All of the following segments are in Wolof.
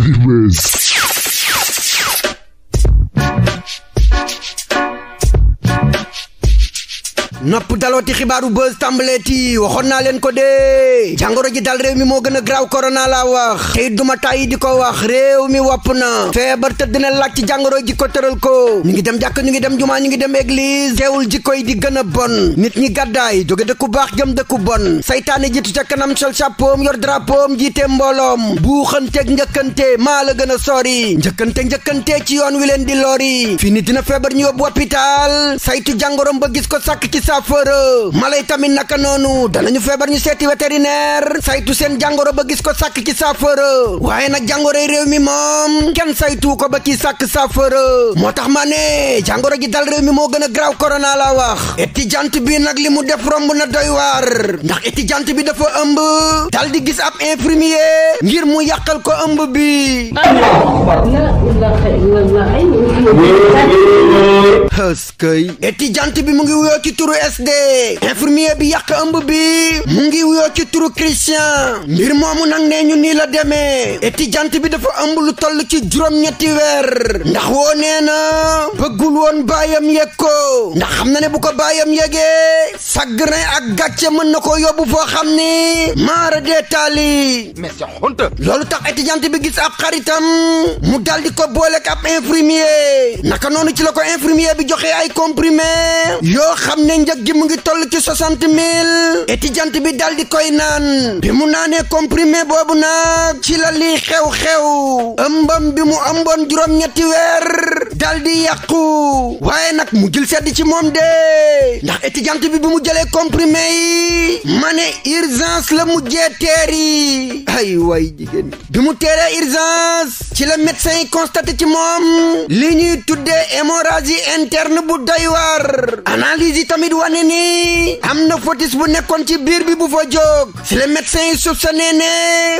Heavyweights. nopp dalooti xibaaru buzz tàmbaleeti waxoon naa leen ko dee jàngoro ji dal réew mi moo gën a graaw korona laa wax te it duma tàyyi di ko wax réew mi wopp na feebar te dina laaj ci jàngoro ji ko tëral ko ñu ngi dem jàkk ñu ngi dem jumaa ñu ngi dem église teewul jikko yi di gën a bon nit ñi gàddaay jóge dëkku baax jëm dëkku bon saytaane jiitu ca kanam sol chapeau yor drapeau jiite mbooloom buuxanteeg njëkkante maa la gën a sori njëkkante njëkkante ci yoon wi leen di lori dina feebar ñu yóbbu hôpital saytu jàngoroom sapfara mala yi tamit naka noonu danañu feebar ñu seeti vétérinaire saytu seen jàngoro ba gis ko sàkk ci saafara waaye nag jàngoro yi réew mi moom kenn saytu ko ba ci sàkk saafara moo tax mane ne jàngoro ji dal réew mi moo gën a graaw korona la wax étudiante bi nag li mu def romb na doy ndax étudiante bi dafa ëmb dal di gis ab infirmier ngir mu yàqal ko ëmb bi UCSD infirmier bi yàq ëmb bi mu ngi wuyoo ci turu Christian mbir moomu nag nee ñu nii la demee étudiante bi dafa ëmb lu toll ci juróom-ñetti weer ndax woo nee na bëggul woon baayam yegg ndax xam na ne bu ko baayam yegee sàgg ne ak gàcce mën na koo yóbbu foo xam ni maara dee taali mais sa xunta loolu tax étudiante bi gis ab xaritam mu dal di ko booleeg ab infirmier naka noonu ci la ko infirmier bi joxe ay comprimé yoo xam ne njëg gi mu ngi toll ci soixante mille étudiante bi dal di koy naan bi mu naanee comprimé boobu nag ci la lii xew-xew ëmbam bi mu ëmboon juróom-ñetti weer dal yàqu waaye nag mu jël di ci moom de ndax étudiante bi bu mu jëlee comprimé yi ma ne urgence la mu jee teer yi ay waay jigéen bi mu teeree urgence ci la médecin yi constaté ci moom li ñuy tuddee hémorragie interne bu doy war analyse yi tamit wane ni am na fotis bu nekkoon ci biir bi bu fa jóg si la médecin yi soupçonné ne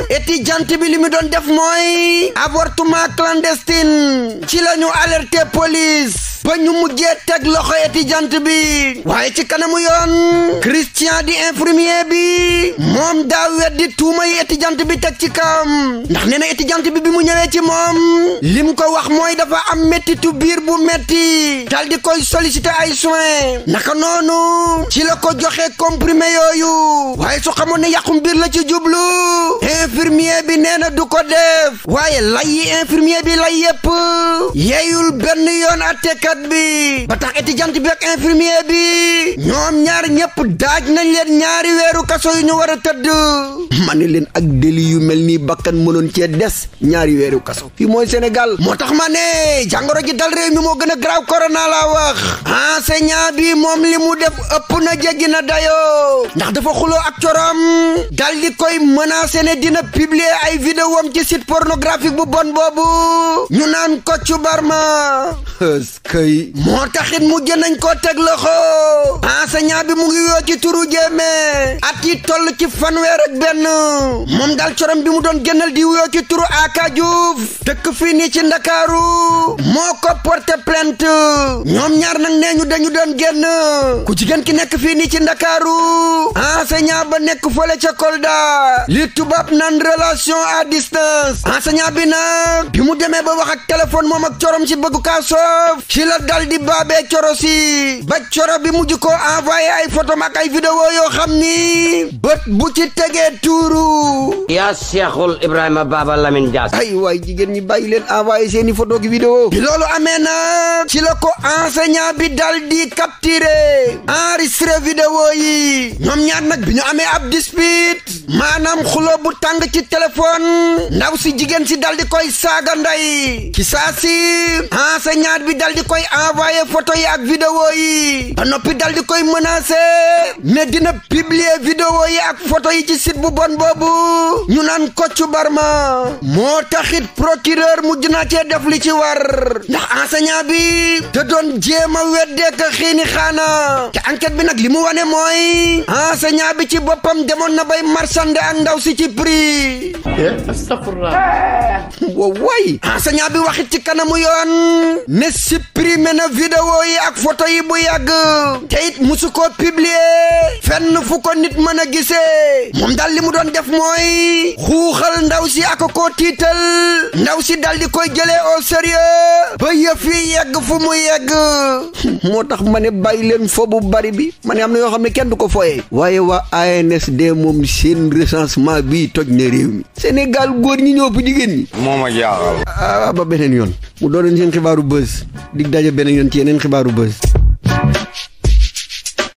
étudiante bi li mu doon def mooy avortement clandestine ci la ñu alerté police ba ñu mujjee teg loxo eti jant bi waaye ci kanamu yoon Christian di infirmier bi moom daa weddi tuuma yi jant bi teg ci kam ndax nee na eti jant bi bi mu ñëwee ci moom lim ko wax mooy dafa am mettitu biir bu metti dal di koy solliciter ay soins naka noonu ci la ko joxe comprimé yooyu waaye su xamoon ne yàqum la ci jublu infirmier bi nee du ko def waaye lay yi bi lay yépp yeeyul benn yoon attekat garab bi ba tax étudiant bi ak infirmier bi ñoom ñaar ñëpp daaj nañ leen ñaari weeru kaso yu ñu war a tëdd ma ne leen ak déli yu mel nii bakkan mënoon ci des ñaari weeru kaso fii mooy Sénégal moo tax ma ne jàngoro ji dal réew mi moo gën a graaw corona laa wax enseignant bi moom li mu def ëpp na jéggi na dayoo ndax dafa xuloo ak corom dal di koy menacé ne dina publier ay vidéo am ci site pornographique bu bon boobu ñu naan ko ci barma yi moo taxit mujj nañ koo teg loxo enseignant bi mu ngi woo ci turu jéeme at yi toll ci fanweer ak benn moom daal corom bi mu doon génnal di wuyoo ci turu Aka Diouf dëkk fii nii ci Ndakaaru moo ko porté plainte ñoom ñaar nag nee ñu dañu doon génn ku ci jigéen ki nekk fii nii ci Ndakaaru enseignant ba nekk fële ca Kolda li tubaab naan relation à distance enseignant bi nag bi mu demee ba wax ak téléphone corom si bëgg kaa la dal di baabee coro si ba coro bi mujj koo envoyé ay photo ak ay vidéo yoo xam ni bët bu ci tegee tuuru yaa seexul Ibrahima Baba Lamine Dias ay waay jigéen ñi bàyyi leen envoyé seeni photo ki bi loolu amee na ci la ko enseignant bi daldi di capturé enregistré vidéo yi ñoom ñaar nag bi ñu amee ab dispute maanaam xuloo bu tàng ci téléphone ndaw si jigéen si dal di koy saaga nday ci saa si bi dal di koy envoyé photo yi ak vidéo yi ba noppi dal di koy menacé ne dina publier vidéo yi ak photo yi ci site bu bon boobu ñu naan Kocc Barma moo taxit procureur mujj na def li ci war ndax enseignant bi da doon jéem a xiini xaana te enquête bi nag li mu wane mooy enseignant bi ci boppam demoon na bay marché marchande ak ndaw si ci prix. Eh, astafurlah. waaw waay. enseignant waxit ci kanamu yoon. ne supprimer na vidéo yi ak photo yi bu yàgg. te it musu fenn fu ko nit mën a gisee. moom daal li mu doon def mooy. xuuxal ndaw si ak koo tiital. ndaw si daal koy jëlee au sérieux. ba yëf yi yegg fu mu yegg moo tax ma ne bàyyi leen fo bu bari bi ma ne am na yoo xam ne kenn du ko foyee waaye waa de moom seen recensement bi toj na réew mi Sénégal góor ñi ñëw ëpp jigéen ñi moo ma jaaxal ah, ba beneen yoon mu doonoon seen xibaaru buzz dig daje beneen yoon ci yeneen xibaaru buzz